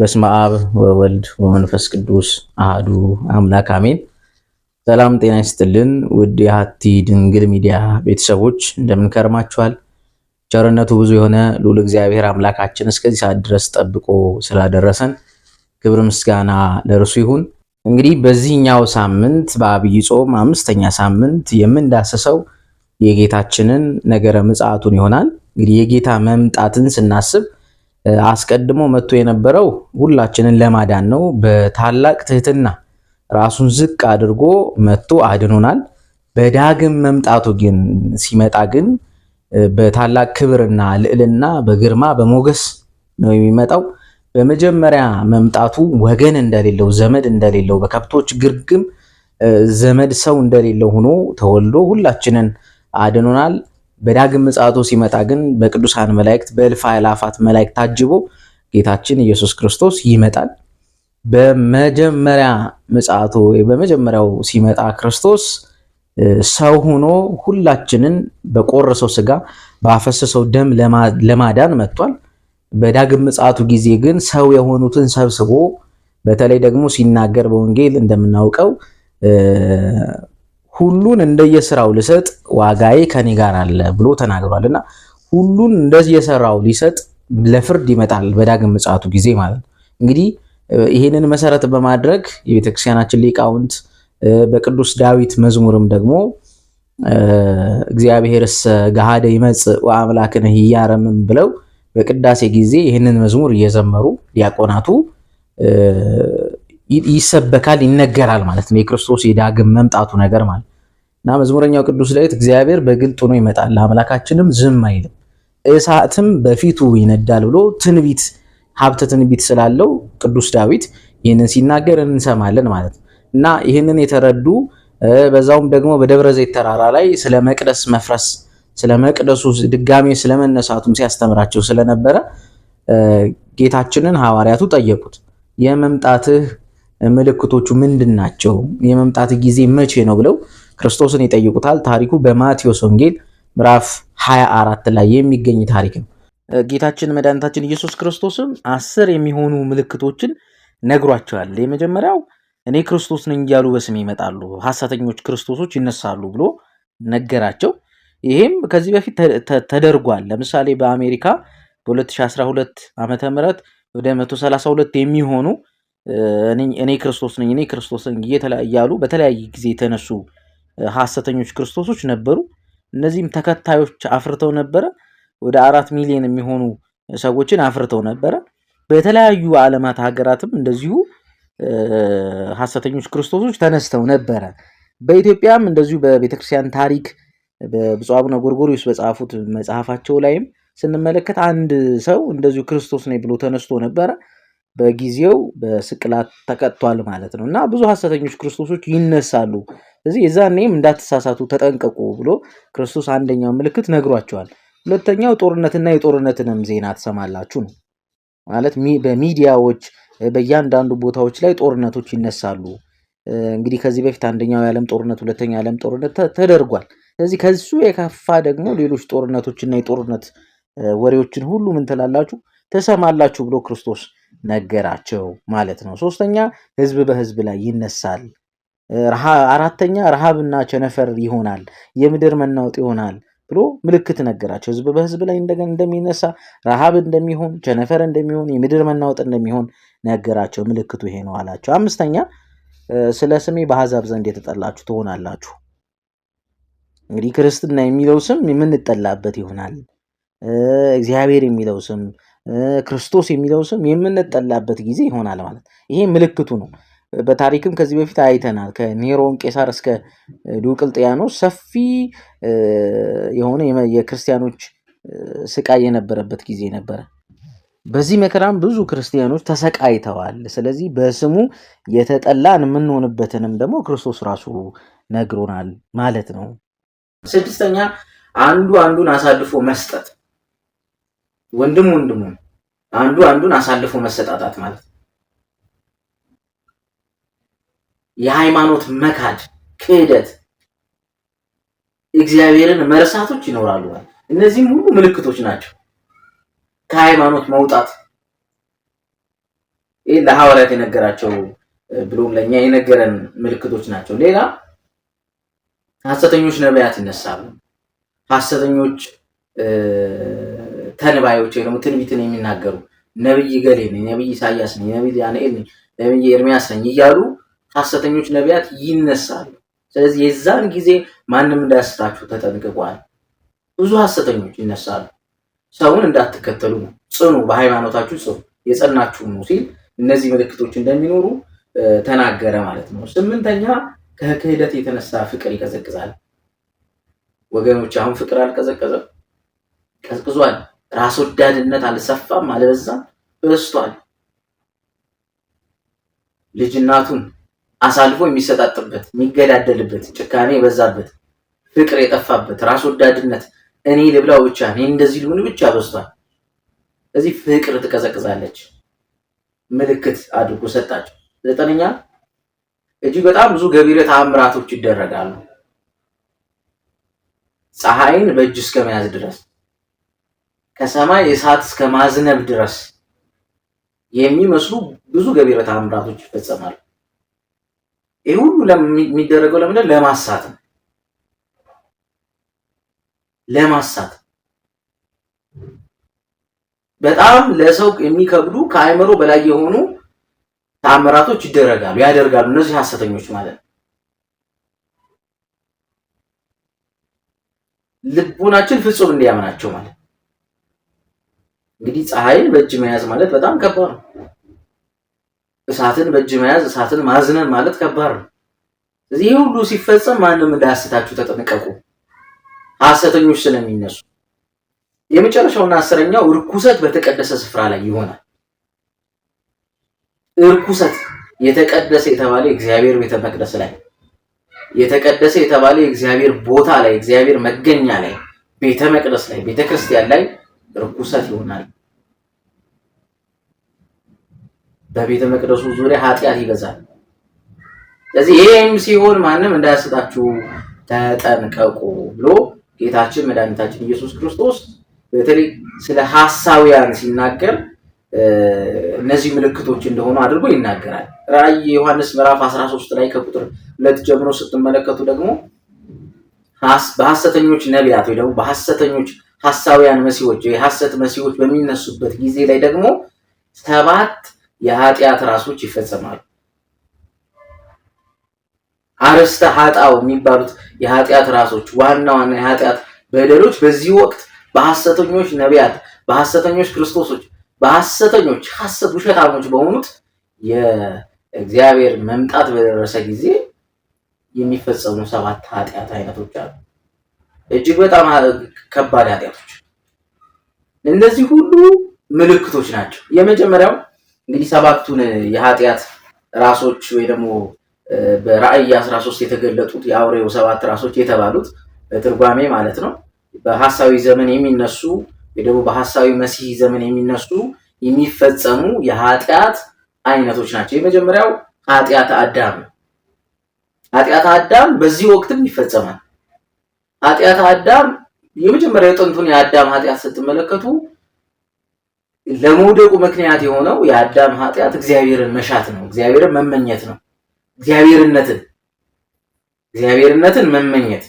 በስመ አብ ወወልድ ወመንፈስ ቅዱስ አህዱ አምላክ አሜን። ሰላም ጤና ይስጥልን ውድ የሀቲ ድንግል ሚዲያ ቤተሰቦች እንደምን ከርማችኋል? ቸርነቱ ብዙ የሆነ ልዑል እግዚአብሔር አምላካችን እስከዚህ ሰዓት ድረስ ጠብቆ ስላደረሰን ክብር ምስጋና ለእርሱ ይሁን። እንግዲህ በዚህኛው ሳምንት በአብይ ጾም አምስተኛ ሳምንት የምንዳሰሰው የጌታችንን ነገረ ምጽአቱን ይሆናል። እንግዲህ የጌታ መምጣትን ስናስብ አስቀድሞ መጥቶ የነበረው ሁላችንን ለማዳን ነው። በታላቅ ትህትና ራሱን ዝቅ አድርጎ መጥቶ አድኖናል። በዳግም መምጣቱ ግን ሲመጣ ግን በታላቅ ክብርና ልዕልና በግርማ በሞገስ ነው የሚመጣው። በመጀመሪያ መምጣቱ ወገን እንደሌለው ዘመድ እንደሌለው በከብቶች ግርግም ዘመድ ሰው እንደሌለው ሆኖ ተወልዶ ሁላችንን አድኖናል። በዳግም ምጽአቱ ሲመጣ ግን በቅዱሳን መላእክት በእልፍ አእላፋት መላእክት ታጅቦ ጌታችን ኢየሱስ ክርስቶስ ይመጣል። በመጀመሪያ ምጽአቱ በመጀመሪያው ሲመጣ ክርስቶስ ሰው ሆኖ ሁላችንን በቆረሰው ስጋ ባፈሰሰው ደም ለማዳን መጥቷል። በዳግም ምጽአቱ ጊዜ ግን ሰው የሆኑትን ሰብስቦ በተለይ ደግሞ ሲናገር በወንጌል እንደምናውቀው ሁሉን እንደየስራው ልሰጥ ዋጋዬ ከኔ ጋር አለ ብሎ ተናግሯል እና ሁሉን እንደየስራው ሊሰጥ ለፍርድ ይመጣል በዳግም ምጽአቱ ጊዜ ማለት ነው። እንግዲህ ይህንን መሰረት በማድረግ የቤተክርስቲያናችን ሊቃውንት በቅዱስ ዳዊት መዝሙርም ደግሞ እግዚአብሔርስ ገሃደ ይመጽእ ወአምላክነ ኢያረምም ብለው በቅዳሴ ጊዜ ይህንን መዝሙር እየዘመሩ ዲያቆናቱ ይሰበካል፣ ይነገራል ማለት ነው። የክርስቶስ የዳግም መምጣቱ ነገር ማለት እና መዝሙረኛው ቅዱስ ዳዊት እግዚአብሔር በግልጥ ሆኖ ይመጣል፣ አምላካችንም ዝም አይልም፣ እሳትም በፊቱ ይነዳል ብሎ ትንቢት ሀብተ ትንቢት ስላለው ቅዱስ ዳዊት ይህንን ሲናገር እንሰማለን ማለት ነው እና ይህንን የተረዱ በዛውም ደግሞ በደብረ ዘይት ተራራ ላይ ስለ መቅደስ መፍረስ ስለ መቅደሱ ድጋሜ ስለመነሳቱም ሲያስተምራቸው ስለነበረ ጌታችንን ሐዋርያቱ ጠየቁት የመምጣትህ ምልክቶቹ ምንድን ናቸው? የመምጣት ጊዜ መቼ ነው ብለው ክርስቶስን ይጠይቁታል። ታሪኩ በማቴዎስ ወንጌል ምዕራፍ 24 ላይ የሚገኝ ታሪክ ነው። ጌታችን መድኃኒታችን ኢየሱስ ክርስቶስም አስር የሚሆኑ ምልክቶችን ነግሯቸዋል። የመጀመሪያው እኔ ክርስቶስ ነኝ እያሉ በስሜ ይመጣሉ፣ ሐሰተኞች ክርስቶሶች ይነሳሉ ብሎ ነገራቸው። ይህም ከዚህ በፊት ተደርጓል። ለምሳሌ በአሜሪካ በ2012 ዓ ም ወደ 132 የሚሆኑ እኔ ክርስቶስ ነኝ እኔ ክርስቶስ ነኝ እያሉ በተለያየ ጊዜ የተነሱ ሀሰተኞች ክርስቶሶች ነበሩ። እነዚህም ተከታዮች አፍርተው ነበረ። ወደ አራት ሚሊዮን የሚሆኑ ሰዎችን አፍርተው ነበረ። በተለያዩ ዓለማት ሀገራትም እንደዚሁ ሀሰተኞች ክርስቶሶች ተነስተው ነበረ። በኢትዮጵያም እንደዚሁ በቤተክርስቲያን ታሪክ በብፁዕ አቡነ ጎርጎርዮስ በጻፉት መጽሐፋቸው ላይም ስንመለከት አንድ ሰው እንደዚሁ ክርስቶስ ነኝ ብሎ ተነስቶ ነበረ። በጊዜው በስቅላት ተቀጥቷል ማለት ነው እና ብዙ ሐሰተኞች ክርስቶሶች ይነሳሉ። ስለዚህ የዛኔም እንዳትሳሳቱ ተጠንቀቁ ብሎ ክርስቶስ አንደኛው ምልክት ነግሯቸዋል። ሁለተኛው ጦርነትና የጦርነትንም ዜና ትሰማላችሁ ነው ማለት በሚዲያዎች በእያንዳንዱ ቦታዎች ላይ ጦርነቶች ይነሳሉ። እንግዲህ ከዚህ በፊት አንደኛው የዓለም ጦርነት፣ ሁለተኛው የዓለም ጦርነት ተደርጓል። ስለዚህ ከሱ የከፋ ደግሞ ሌሎች ጦርነቶችና የጦርነት ወሬዎችን ሁሉ ምን ትላላችሁ? ትሰማላችሁ ብሎ ክርስቶስ ነገራቸው ማለት ነው። ሶስተኛ ህዝብ በህዝብ ላይ ይነሳል። አራተኛ ረሃብና ቸነፈር ይሆናል፣ የምድር መናወጥ ይሆናል ብሎ ምልክት ነገራቸው። ህዝብ በህዝብ ላይ እንደገና እንደሚነሳ ረሃብ እንደሚሆን፣ ቸነፈር እንደሚሆን፣ የምድር መናወጥ እንደሚሆን ነገራቸው። ምልክቱ ይሄ ነው አላቸው። አምስተኛ ስለ ስሜ በአሕዛብ ዘንድ የተጠላችሁ ትሆናላችሁ። እንግዲህ ክርስትና የሚለው ስም የምንጠላበት ይሆናል። እግዚአብሔር የሚለው ስም ክርስቶስ የሚለው ስም የምንጠላበት ጊዜ ይሆናል ማለት ይሄ ምልክቱ ነው። በታሪክም ከዚህ በፊት አይተናል። ከኔሮን ቄሳር እስከ ዲዮቅልጥያኖስ ሰፊ የሆነ የክርስቲያኖች ስቃይ የነበረበት ጊዜ ነበረ። በዚህ መከራም ብዙ ክርስቲያኖች ተሰቃይተዋል። ስለዚህ በስሙ የተጠላን የምንሆንበትንም ደግሞ ክርስቶስ ራሱ ነግሮናል ማለት ነው። ስድስተኛ አንዱ አንዱን አሳልፎ መስጠት ወንድም ወንድሙ አንዱ አንዱን አሳልፎ መሰጣጣት ማለት ነው። የሃይማኖት መካድ፣ ክህደት፣ እግዚአብሔርን መርሳቶች ይኖራሉ። እነዚህም ሁሉ ምልክቶች ናቸው ከሃይማኖት መውጣት። ይህ ለሐዋርያት የነገራቸው ብሎም ለእኛ የነገረን ምልክቶች ናቸው። ሌላ ሐሰተኞች ነቢያት ይነሳሉ። ሐሰተኞች ተንባዮች ወይ ደግሞ ትንቢትን የሚናገሩ ነብይ ገሌ ነኝ፣ ነብይ ኢሳያስ ነኝ፣ ነብይ ዳንኤል ነኝ፣ ነብይ ኤርሚያስ ነኝ እያሉ ሐሰተኞች ነቢያት ይነሳሉ። ስለዚህ የዛን ጊዜ ማንም እንዳያስታችሁ ተጠንቅቋል። ብዙ ሐሰተኞች ይነሳሉ። ሰውን እንዳትከተሉ ነው፣ ጽኑ፣ በሃይማኖታችሁ ጽኑ፣ የጸናችሁ ነው ሲል እነዚህ ምልክቶች እንደሚኖሩ ተናገረ ማለት ነው። ስምንተኛ ከክህደት የተነሳ ፍቅር ይቀዘቅዛል። ወገኖች አሁን ፍቅር አልቀዘቀዘም፣ ቀዝቅዟል። ራስ ወዳድነት አልሰፋም አልበዛም፣ በስቷል። ልጅናቱን አሳልፎ የሚሰጣጥበት የሚገዳደልበት፣ ጭካኔ የበዛበት፣ ፍቅር የጠፋበት፣ ራስ ወዳድነት እኔ ልብላው ብቻ እኔ እንደዚህ ልሁን ብቻ በስቷል። እዚህ ፍቅር ትቀዘቅዛለች ምልክት አድርጎ ሰጣቸው። ዘጠነኛ እጅግ በጣም ብዙ ገቢረ ተአምራቶች ይደረጋሉ። ፀሐይን በእጅ እስከመያዝ ድረስ ከሰማይ እሳት እስከ ማዝነብ ድረስ የሚመስሉ ብዙ ገቢረ ተአምራቶች ይፈጸማሉ። ይህ ሁሉ የሚደረገው ለምንድን ለማሳት ነው። ለማሳት በጣም ለሰው የሚከብዱ ከአእምሮ በላይ የሆኑ ተአምራቶች ይደረጋሉ ያደርጋሉ እነዚህ ሐሰተኞች ማለት ነው። ልቡናችን ፍጹም እንዲያምናቸው ማለት ነው። እንግዲህ ፀሐይን በእጅ መያዝ ማለት በጣም ከባድ ነው። እሳትን በእጅ መያዝ እሳትን ማዝነን ማለት ከባድ ነው። እዚህ ሁሉ ሲፈጸም ማንም እንዳያስታችሁ ተጠንቀቁ፣ ሐሰተኞች ስለሚነሱ። የመጨረሻውና አስረኛው እርኩሰት በተቀደሰ ስፍራ ላይ ይሆናል። እርኩሰት የተቀደሰ የተባለ እግዚአብሔር ቤተ መቅደስ ላይ የተቀደሰ የተባለ እግዚአብሔር ቦታ ላይ እግዚአብሔር መገኛ ላይ ቤተ መቅደስ ላይ ቤተ ክርስቲያን ላይ እርኩሰት ይሆናል። በቤተ መቅደሱ ዙሪያ ኃጢአት ይበዛል። ስለዚህ ይህም ሲሆን ማንም እንዳያስታችሁ ተጠንቀቁ ብሎ ጌታችን መድኃኒታችን ኢየሱስ ክርስቶስ በተለይ ስለ ሐሳውያን ሲናገር እነዚህ ምልክቶች እንደሆኑ አድርጎ ይናገራል። ራእይ ዮሐንስ ምዕራፍ 13 ላይ ከቁጥር ሁለት ጀምሮ ስትመለከቱ ደግሞ በሐሰተኞች ነቢያት ወይ ደግሞ በሐሰተኞች ሐሳውያን መሲዎች የሐሰት መሲዎች በሚነሱበት ጊዜ ላይ ደግሞ ሰባት የኃጢአት ራሶች ይፈጸማሉ። አረስተ ሀጣው የሚባሉት የኃጢአት ራሶች ዋና ዋና የኃጢአት በደሎች በዚህ ወቅት በሐሰተኞች ነቢያት፣ በሐሰተኞች ክርስቶሶች፣ በሐሰተኞች ሐሰት ውሸታሞች በሆኑት የእግዚአብሔር መምጣት በደረሰ ጊዜ የሚፈጸሙ ሰባት ኃጢአት አይነቶች አሉ። እጅግ በጣም ከባድ ኃጢአቶች። እነዚህ ሁሉ ምልክቶች ናቸው። የመጀመሪያው እንግዲህ ሰባቱን የኃጢአት ራሶች ወይ ደግሞ በራእይ 13 የተገለጡት የአውሬው ሰባት ራሶች የተባሉት በትርጓሜ ማለት ነው። በሐሳዊ ዘመን የሚነሱ ወይ ደግሞ በሐሳዊ መሲህ ዘመን የሚነሱ የሚፈጸሙ የኃጢአት አይነቶች ናቸው። የመጀመሪያው ኃጢአት አዳም ነው። ኃጢአት አዳም በዚህ ወቅትም ይፈጸማል። ኃጢአት አዳም የመጀመሪያው የጥንቱን የአዳም ኃጢአት ስትመለከቱ ለመውደቁ ምክንያት የሆነው የአዳም ኃጢአት እግዚአብሔርን መሻት ነው። እግዚአብሔርን መመኘት ነው። እግዚአብሔርነትን እግዚአብሔርነትን መመኘት፣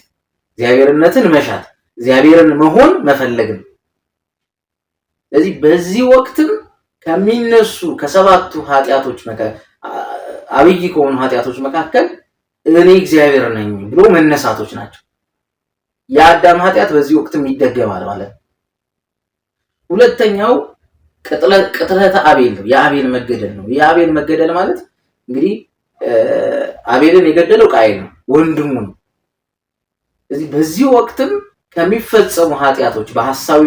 እግዚአብሔርነትን መሻት፣ እግዚአብሔርን መሆን መፈለግ ነው። ስለዚህ በዚህ ወቅትም ከሚነሱ ከሰባቱ ኃጢአቶች አብይ ከሆኑ ኃጢአቶች መካከል እኔ እግዚአብሔር ነኝ ብሎ መነሳቶች ናቸው። የአዳም ኃጢአት በዚህ ወቅትም ይደገማል ማለት ነው። ሁለተኛው ቅጥረተ አቤል ነው፣ የአቤል መገደል ነው። የአቤል መገደል ማለት እንግዲህ አቤልን የገደለው ቃየል ነው፣ ወንድሙ ነው። እዚህ በዚህ ወቅትም ከሚፈጸሙ ኃጢአቶች በሐሳዊ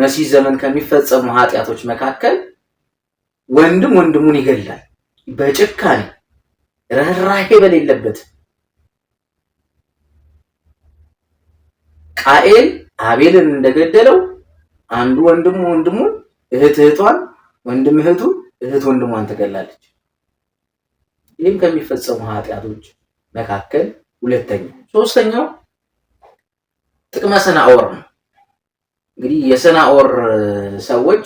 መሲህ ዘመን ከሚፈጸሙ ኃጢአቶች መካከል ወንድም ወንድሙን ይገላል በጭካኔ ረራሄ በሌለበት። ቃኤል አቤልን እንደገደለው አንዱ ወንድሙ ወንድሙን እህት እህቷን፣ ወንድም እህቱ፣ እህት ወንድሟን ትገላለች። ይህም ከሚፈጸሙ ኃጢአቶች መካከል ሁለተኛው። ሶስተኛው ጥቅመ ሰናኦር ነው። እንግዲህ የሰናኦር ሰዎች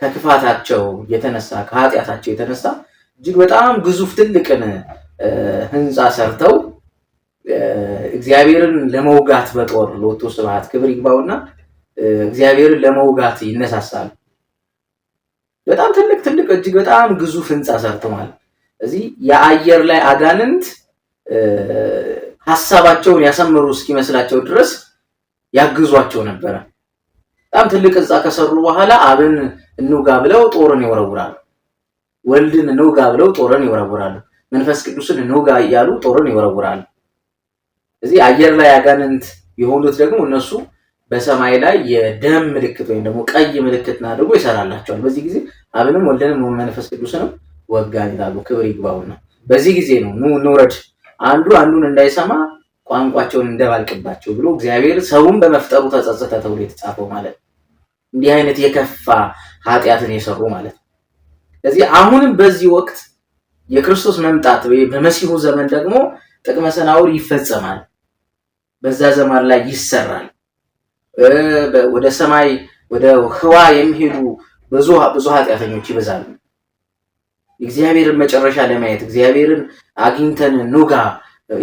ከክፋታቸው የተነሳ ከኃጢአታቸው የተነሳ እጅግ በጣም ግዙፍ ትልቅን ህንፃ ሰርተው እግዚአብሔርን ለመውጋት በጦር ለወቶ ስብሐት ክብር ይግባውና እግዚአብሔርን ለመውጋት ይነሳሳሉ። በጣም ትልቅ ትልቅ እጅግ በጣም ግዙፍ ህንፃ ሰርተዋል። እዚህ የአየር ላይ አጋንንት ሀሳባቸውን ያሰምሩ እስኪመስላቸው ድረስ ያግዟቸው ነበረ። በጣም ትልቅ ህንፃ ከሰሩ በኋላ አብን እንውጋ ብለው ጦርን ይወረውራሉ። ወልድን እንውጋ ብለው ጦርን ይወረውራሉ። መንፈስ ቅዱስን እንውጋ እያሉ ጦርን ይወረውራሉ። እዚህ አየር ላይ አጋንንት የሆኑት ደግሞ እነሱ በሰማይ ላይ የደም ምልክት ወይም ደግሞ ቀይ ምልክት አድርጎ ይሰራላቸዋል። በዚህ ጊዜ አብንም ወልደንም መንፈስ ቅዱስንም ወጋን ይላሉ። ክብር ይግባውና በዚህ ጊዜ ነው ኑ አንዱ አንዱን እንዳይሰማ ቋንቋቸውን እንደባልቅባቸው ብሎ እግዚአብሔር ሰውን በመፍጠሩ ተጸጸተ ተብሎ የተጻፈው ማለት ነው። እንዲህ አይነት የከፋ ኃጢአትን የሰሩ ማለት ነው። ስለዚህ አሁንም በዚህ ወቅት የክርስቶስ መምጣት በመሲሁ ዘመን ደግሞ ጥቅመ ሰናውር ይፈጸማል፣ በዛ ዘመን ላይ ይሰራል። ወደ ሰማይ ወደ ህዋ የሚሄዱ ብዙ ብዙ ኃጢአተኞች ይበዛሉ። እግዚአብሔርን መጨረሻ ለማየት እግዚአብሔርን አግኝተን ኑጋ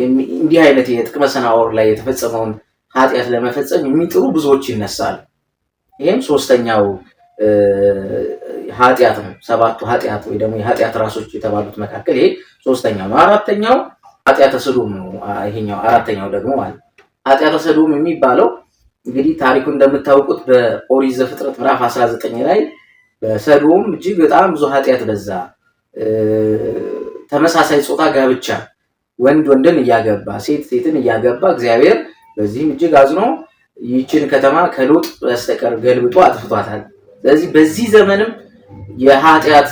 እንዲህ አይነት የጥቅመ ሰናወር ላይ የተፈጸመውን ኃጢአት ለመፈጸም የሚጥሩ ብዙዎች ይነሳል። ይህም ሶስተኛው ኃጢአት ነው። ሰባቱ ኃጢአት ወይ ደግሞ የኃጢአት ራሶች የተባሉት መካከል ይሄ ሶስተኛው ነው። አራተኛው ኃጢአተ ስዱም ነው። ይሄኛው አራተኛው ደግሞ አለ ኃጢአተ ስዱም የሚባለው እንግዲህ ታሪኩ እንደምታውቁት በኦሪት ዘፍጥረት ምዕራፍ 19 ላይ በሰዶም እጅግ በጣም ብዙ ኃጢአት በዛ። ተመሳሳይ ጾታ ጋብቻ፣ ወንድ ወንድን እያገባ ሴት ሴትን እያገባ እግዚአብሔር በዚህም እጅግ አዝኖ ይችን ከተማ ከሎጥ በስተቀር ገልብጦ አጥፍቷታል። ስለዚህ በዚህ ዘመንም የኃጢአት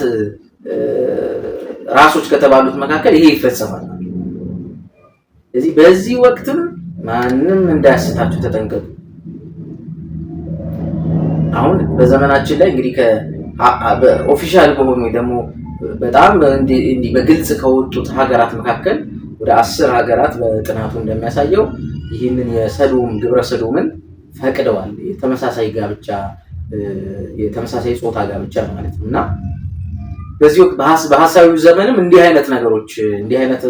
ራሶች ከተባሉት መካከል ይሄ ይፈጸማል። ስለዚህ በዚህ ወቅትም ማንም እንዳያስታችሁ ተጠንቀቁ። አሁን በዘመናችን ላይ እንግዲህ ኦፊሻል በሆኑ ደግሞ በጣም እንዲህ በግልጽ ከወጡት ሀገራት መካከል ወደ አስር ሀገራት በጥናቱ እንደሚያሳየው ይህንን የሰዶም ግብረ ሰዶምን ፈቅደዋል። የተመሳሳይ ጋብቻ የተመሳሳይ ጾታ ጋብቻ ማለት ነው እና በዚህ ወቅት ዘመንም እንዲህ አይነት ነገሮች እንዲህ አይነት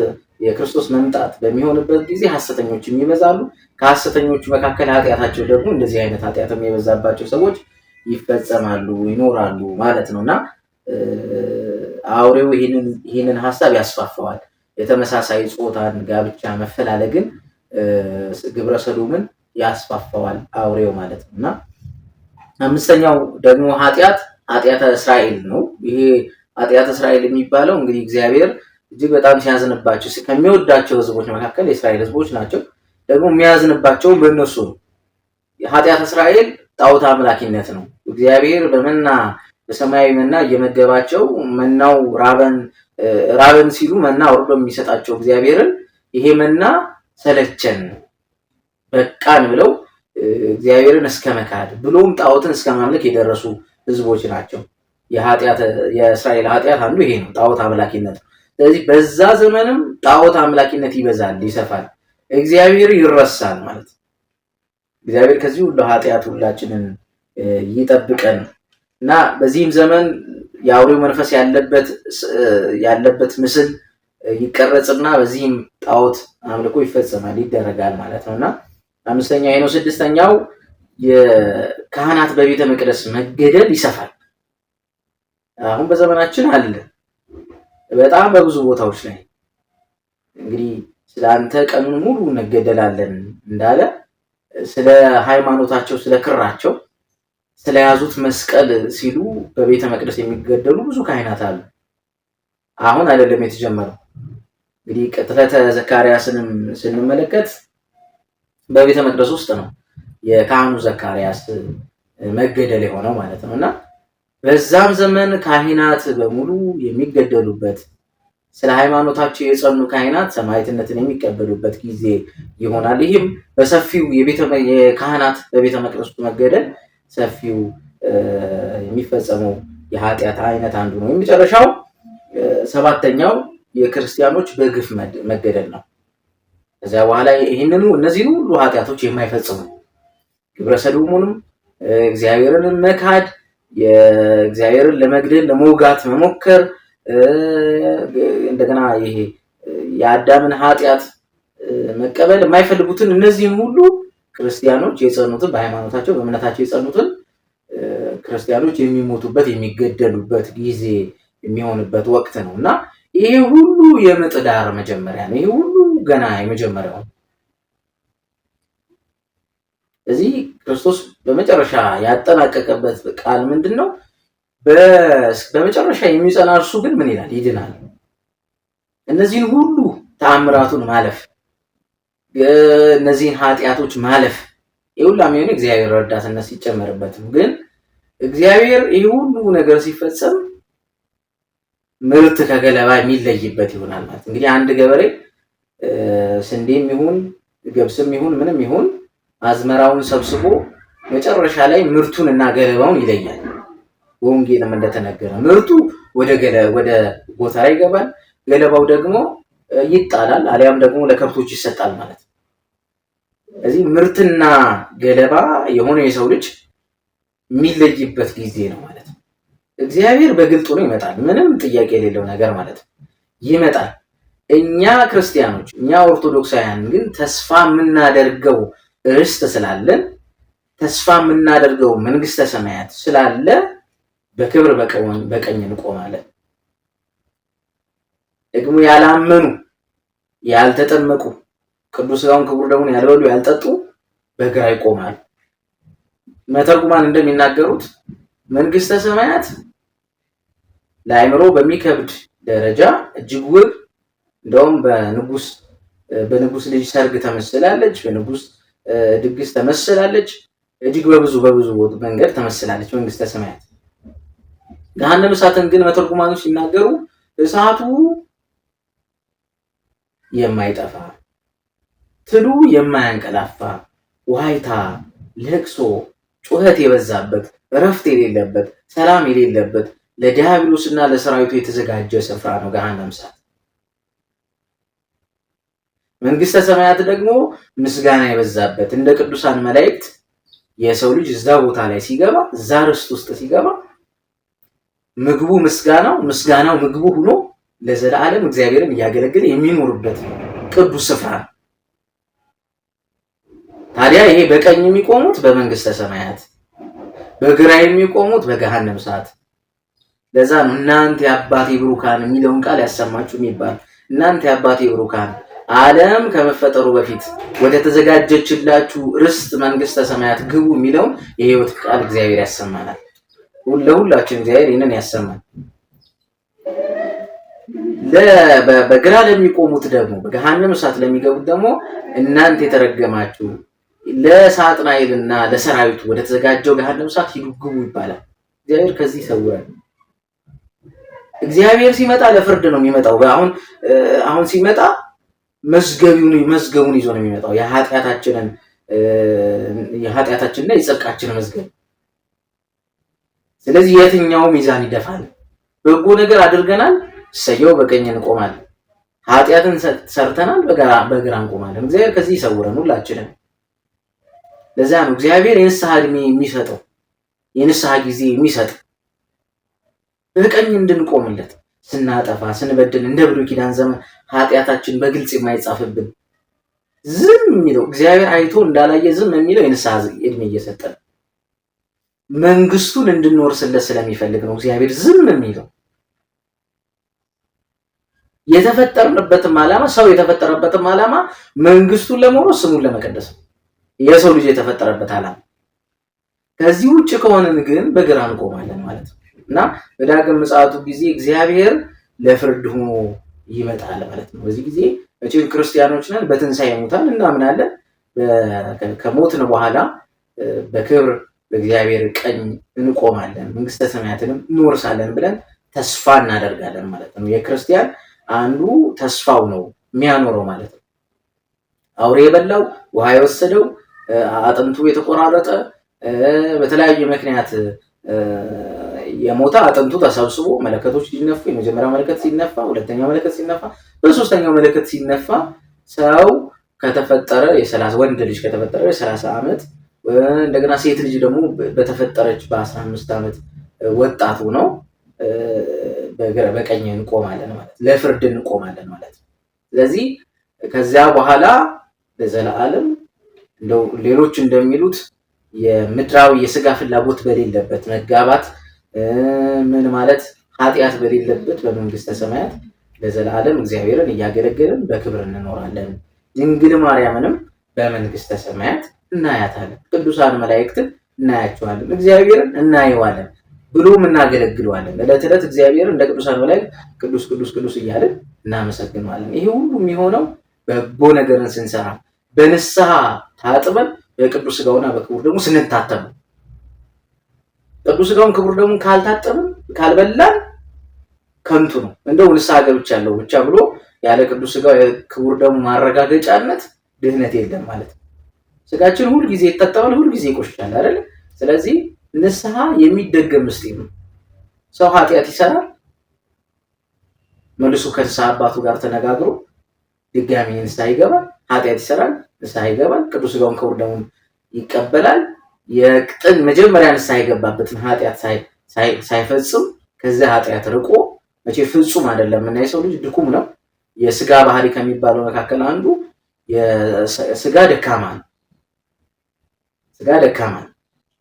የክርስቶስ መምጣት በሚሆንበት ጊዜ ሀሰተኞችም ይበዛሉ። ከሀሰተኞቹ መካከል ኃጢአታቸው ደግሞ እንደዚህ አይነት ኃጢአትም የበዛባቸው ሰዎች ይፈጸማሉ ይኖራሉ ማለት ነው እና አውሬው ይህንን ሀሳብ ያስፋፋዋል። የተመሳሳይ ጾታን ጋብቻ መፈላለግን ግብረ ሰዶምን ያስፋፋዋል አውሬው ማለት ነው እና አምስተኛው ደግሞ ኃጢአት ኃጢአተ እስራኤል ነው። ይሄ ኃጢአተ እስራኤል የሚባለው እንግዲህ እግዚአብሔር እጅግ በጣም ሲያዝንባቸው ከሚወዳቸው ህዝቦች መካከል የእስራኤል ህዝቦች ናቸው። ደግሞ የሚያዝንባቸው በእነሱ ነው። ኃጢአተ እስራኤል ጣዖት አምላኪነት ነው። እግዚአብሔር በመና በሰማያዊ መና እየመገባቸው መናው ራበን ራበን ሲሉ መና ወርዶ የሚሰጣቸው እግዚአብሔርን ይሄ መና ሰለቸን በቃን ብለው እግዚአብሔርን እስከ መካድ ብሎም ጣዖትን እስከ ማምለክ የደረሱ ህዝቦች ናቸው። የእስራኤል ኃጢአት አንዱ ይሄ ነው፣ ጣዖት አምላኪነት ነው። ስለዚህ በዛ ዘመንም ጣዖት አምላኪነት ይበዛል፣ ይሰፋል፣ እግዚአብሔር ይረሳል ማለት ነው። እግዚአብሔር ከዚህ ሁሉ ኃጢአት ሁላችንን ይጠብቀን እና በዚህም ዘመን የአውሬው መንፈስ ያለበት ምስል ይቀረጽና በዚህም ጣዖት አምልኮ ይፈጸማል ይደረጋል ማለት ነው እና አምስተኛ ይህ ነው። ስድስተኛው የካህናት በቤተ መቅደስ መገደል ይሰፋል። አሁን በዘመናችን አለ በጣም በብዙ ቦታዎች ላይ እንግዲህ ስለአንተ ቀኑን ሙሉ እንገደላለን እንዳለ ስለ ሃይማኖታቸው፣ ስለ ክራቸው፣ ስለያዙት መስቀል ሲሉ በቤተ መቅደስ የሚገደሉ ብዙ ካህናት አሉ። አሁን አይደለም የተጀመረው። እንግዲህ ቅጥፈተ ዘካርያስንም ስንመለከት በቤተ መቅደስ ውስጥ ነው የካህኑ ዘካርያስ መገደል የሆነው ማለት ነው እና በዛም ዘመን ካህናት በሙሉ የሚገደሉበት ስለ ሃይማኖታቸው የጸኑ ካህናት ሰማዕትነትን የሚቀበሉበት ጊዜ ይሆናል። ይህም በሰፊው የካህናት በቤተ መቅደሱ መገደል ሰፊው የሚፈጸመው የኃጢአት አይነት አንዱ ነው። የመጨረሻው ሰባተኛው የክርስቲያኖች በግፍ መገደል ነው። ከዚያ በኋላ ይህንኑ እነዚህን ሁሉ ኃጢአቶች የማይፈጽሙ ግብረ ሰዶሙንም እግዚአብሔርን መካድ፣ እግዚአብሔርን ለመግደል ለመውጋት መሞከር እንደገና ይሄ የአዳምን ኃጢአት መቀበል የማይፈልጉትን እነዚህን ሁሉ ክርስቲያኖች የጸኑትን በሃይማኖታቸው በእምነታቸው የጸኑትን ክርስቲያኖች የሚሞቱበት የሚገደሉበት ጊዜ የሚሆንበት ወቅት ነው እና ይሄ ሁሉ የምጥ ዳር መጀመሪያ ነው። ይሄ ሁሉ ገና የመጀመሪያው እዚህ ክርስቶስ በመጨረሻ ያጠናቀቀበት ቃል ምንድን ነው? በመጨረሻ የሚጸና እርሱ ግን ምን ይላል? ይድናል። እነዚህን ሁሉ ተአምራቱን ማለፍ፣ እነዚህን ኃጢአቶች ማለፍ የሁላ የሚሆን እግዚአብሔር ረዳትነት ሲጨመርበትም ግን እግዚአብሔር ይህ ሁሉ ነገር ሲፈጸም ምርት ከገለባ የሚለይበት ይሆናል ማለት እንግዲህ አንድ ገበሬ ስንዴም ይሁን ገብስም ይሁን ምንም ይሁን አዝመራውን ሰብስቦ መጨረሻ ላይ ምርቱን እና ገለባውን ይለያል። በወንጌልም እንደተነገረ ምርቱ ወደ ቦታ ላይ ይገባል፣ ገለባው ደግሞ ይጣላል፣ አሊያም ደግሞ ለከብቶች ይሰጣል ማለት ነው። እዚህ ምርትና ገለባ የሆነ የሰው ልጅ የሚለይበት ጊዜ ነው ማለት ነው። እግዚአብሔር በግልጡ ነው ይመጣል፣ ምንም ጥያቄ የሌለው ነገር ማለት ነው። ይመጣል። እኛ ክርስቲያኖች፣ እኛ ኦርቶዶክሳውያን ግን ተስፋ የምናደርገው ርስት ስላለን ተስፋ የምናደርገው መንግስተ ሰማያት ስላለ በክብር በቀኝ እንቆማለን። ደግሞ ያላመኑ ያልተጠመቁ ቅዱስ ሥጋውን ክቡር ደሙን ያልበሉ ያልጠጡ በግራ ይቆማል። መተርጉማን እንደሚናገሩት መንግስተ ሰማያት ለአእምሮ በሚከብድ ደረጃ እጅግ ውብ እንደውም በንጉስ በንጉስ ልጅ ሰርግ ተመስላለች። በንጉስ ድግስ ተመስላለች። እጅግ በብዙ በብዙ መንገድ ተመስላለች መንግስተ ሰማያት ገሃነም እሳትን ግን መተርጉማኖች ሲናገሩ እሳቱ የማይጠፋ ትሉ የማያንቀላፋ ዋይታ፣ ለቅሶ፣ ጩኸት የበዛበት እረፍት የሌለበት ሰላም የሌለበት ለዲያብሎስና ለሰራዊቱ የተዘጋጀ ስፍራ ነው ገሃነመ እሳት። መንግስተ ሰማያት ደግሞ ምስጋና የበዛበት እንደ ቅዱሳን መላእክት የሰው ልጅ እዛ ቦታ ላይ ሲገባ እዛ ርስት ውስጥ ሲገባ ምግቡ ምስጋናው ምስጋናው ምግቡ ሆኖ ለዘላለም እግዚአብሔርን እያገለገለ የሚኖርበት ቅዱስ ስፍራ ነው። ታዲያ ይሄ በቀኝ የሚቆሙት በመንግስተ ሰማያት፣ በግራ የሚቆሙት በገሃነም እሳት። ለዛ ነው እናንተ የአባቴ ብሩካን የሚለውን ቃል ያሰማችሁ የሚባል እናንተ የአባቴ ብሩካን ዓለም ከመፈጠሩ በፊት ወደ ተዘጋጀችላችሁ ርስት መንግስተ ሰማያት ግቡ የሚለውን የህይወት ቃል እግዚአብሔር ያሰማናል። ለሁላችን እግዚአብሔር ይህንን ያሰማል። በግራ ለሚቆሙት ደግሞ በገሃነም እሳት ለሚገቡት ደግሞ እናንተ የተረገማችሁ ይልና ለሰራዊቱ ወደ ተዘጋጀው ገሃነም እሳት ይግቡ ይባላል። እግዚአብሔር ከዚህ ይሰውራል። እግዚአብሔር ሲመጣ ለፍርድ ነው የሚመጣው። አሁን አሁን ሲመጣ መዝገቡን ይዞ ነው የሚመጣው የኃጢአታችንን የኃጢአታችንና የጽድቃችንን መዝገብ ስለዚህ የትኛው ሚዛን ይደፋል? በጎ ነገር አድርገናል፣ እሰየው በቀኝ እንቆማለን። ኃጢአትን ሰርተናል፣ በግራ እንቆማለን። እግዚአብሔር ከዚህ ይሰውረን ሁላችንም። ለዛ ነው እግዚአብሔር የንስሐ እድሜ የሚሰጠው የንስሐ ጊዜ የሚሰጠው በቀኝ እንድንቆምለት ስናጠፋ ስንበድል እንደ ብሉይ ኪዳን ዘመን ኃጢአታችን በግልጽ የማይጻፍብን ዝም የሚለው እግዚአብሔር አይቶ እንዳላየ ዝም የሚለው የንስሐ እድሜ እየሰጠ ነው። መንግስቱን እንድንወርስለት ስለሚፈልግ ነው እግዚአብሔር ዝም የሚለው። የተፈጠርንበትም ዓላማ ሰው የተፈጠረበትም ዓላማ መንግስቱን ለመውረስ ስሙን ለመቀደስ ነው የሰው ልጅ የተፈጠረበት ዓላማ። ከዚህ ውጭ ከሆንን ግን በግራ እንቆማለን ማለት ነው እና በዳግም ምጽአቱ ጊዜ እግዚአብሔር ለፍርድ ሆኖ ይመጣል ማለት ነው። በዚህ ጊዜ መቼም ክርስቲያኖች ነን፣ በትንሣኤ ሙታን እናምናለን። ከሞትን በኋላ በክብር በእግዚአብሔር ቀኝ እንቆማለን መንግስተ ሰማያትንም እንወርሳለን ብለን ተስፋ እናደርጋለን ማለት ነው። የክርስቲያን አንዱ ተስፋው ነው የሚያኖረው ማለት ነው። አውሬ የበላው ውሃ የወሰደው አጥንቱ የተቆራረጠ በተለያየ ምክንያት የሞታ አጥንቱ ተሰብስቦ መለከቶች ሲነፉ የመጀመሪያው መለከት ሲነፋ፣ ሁለተኛው መለከት ሲነፋ፣ በሶስተኛው መለከት ሲነፋ ሰው ከተፈጠረ የሰላሳ ወንድ ልጅ ከተፈጠረ የሰላሳ ዓመት እንደገና ሴት ልጅ ደግሞ በተፈጠረች በአስራ አምስት ዓመት ወጣቱ ነው በቀኝ እንቆማለን ማለት ለፍርድ እንቆማለን ማለት ነው። ስለዚህ ከዚያ በኋላ ለዘላለም እንደው ሌሎች እንደሚሉት የምድራዊ የስጋ ፍላጎት በሌለበት መጋባት ምን ማለት ኃጢአት በሌለበት በመንግስተ ሰማያት ለዘላለም እግዚአብሔርን እያገለገልን በክብር እንኖራለን። ድንግል ማርያምንም በመንግስተ ሰማያት እናያታለን። ቅዱሳን መላእክትን እናያቸዋለን። እግዚአብሔርን እናየዋለን ብሎም እናገለግለዋለን። እለት እለት እግዚአብሔርን እንደ ቅዱሳን መላእክት ቅዱስ ቅዱስ ቅዱስ እያለን እናመሰግነዋለን። ይሄ ሁሉ የሚሆነው በጎ ነገርን ስንሰራ በንስሐ ታጥበን በቅዱስ ስጋውና በክቡር ደግሞ ስንታተሙ ቅዱስ ስጋውን ክቡር ደግሞ ካልታጠብም ካልበላን ከንቱ ነው። እንደው ንስሐ ገብቻለሁ ብቻ ብሎ ያለ ቅዱስ ስጋው ክቡር ደግሞ ማረጋገጫነት ድህነት የለም ማለት ነው። ስጋችን ሁል ጊዜ ይጠጣዋል፣ ሁል ጊዜ ይቆሻል አይደለ? ስለዚህ ንስሐ የሚደገም ምስሌ ነው። ሰው ኃጢአት ይሰራል፣ መልሶ ከንስሐ አባቱ ጋር ተነጋግሮ ድጋሚ ንስሐ ይገባል። ኃጢአት ይሰራል፣ ንስሐ ይገባል፣ ቅዱስ ሥጋውን ክቡር ደሙን ይቀበላል። የቅጥን መጀመሪያ ንስሐ የገባበትን ኃጢአት ሳይፈጽም ከዚያ ኃጢአት ርቆ መቼ ፍጹም አይደለም እና የሰው ልጅ ድኩም ነው። የስጋ ባህሪ ከሚባለው መካከል አንዱ የስጋ ደካማ ነው። ስጋ ደካማ ነው።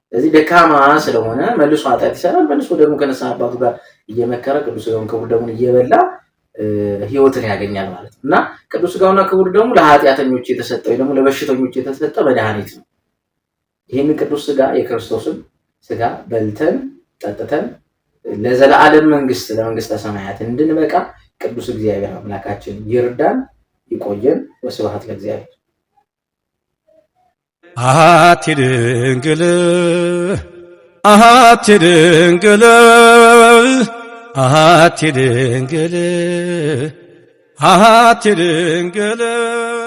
ስለዚህ ደካማ ስለሆነ መልሶ ኃጢአት ይሰራል። መልሶ ደግሞ ከነሳ አባቱ ጋር እየመከረ ቅዱስ ስጋውን ክቡር ደሙን እየበላ ህይወትን ያገኛል ማለት ነው እና ቅዱስ ስጋውና ክቡር ደሙ ለኃጢአተኞች የተሰጠ ወይ ደግሞ ለበሽተኞች የተሰጠ መድኃኒት ነው። ይህን ቅዱስ ስጋ የክርስቶስን ስጋ በልተን ጠጥተን ለዘላለም መንግስት ለመንግስተ ሰማያት እንድንበቃ ቅዱስ እግዚአብሔር አምላካችን ይርዳን፣ ይቆየን። ወስብሐት ለእግዚአብሔር። አሐቲ ድንግል አሐቲ ድንግል አሐቲ ድንግል አሐቲ ድንግል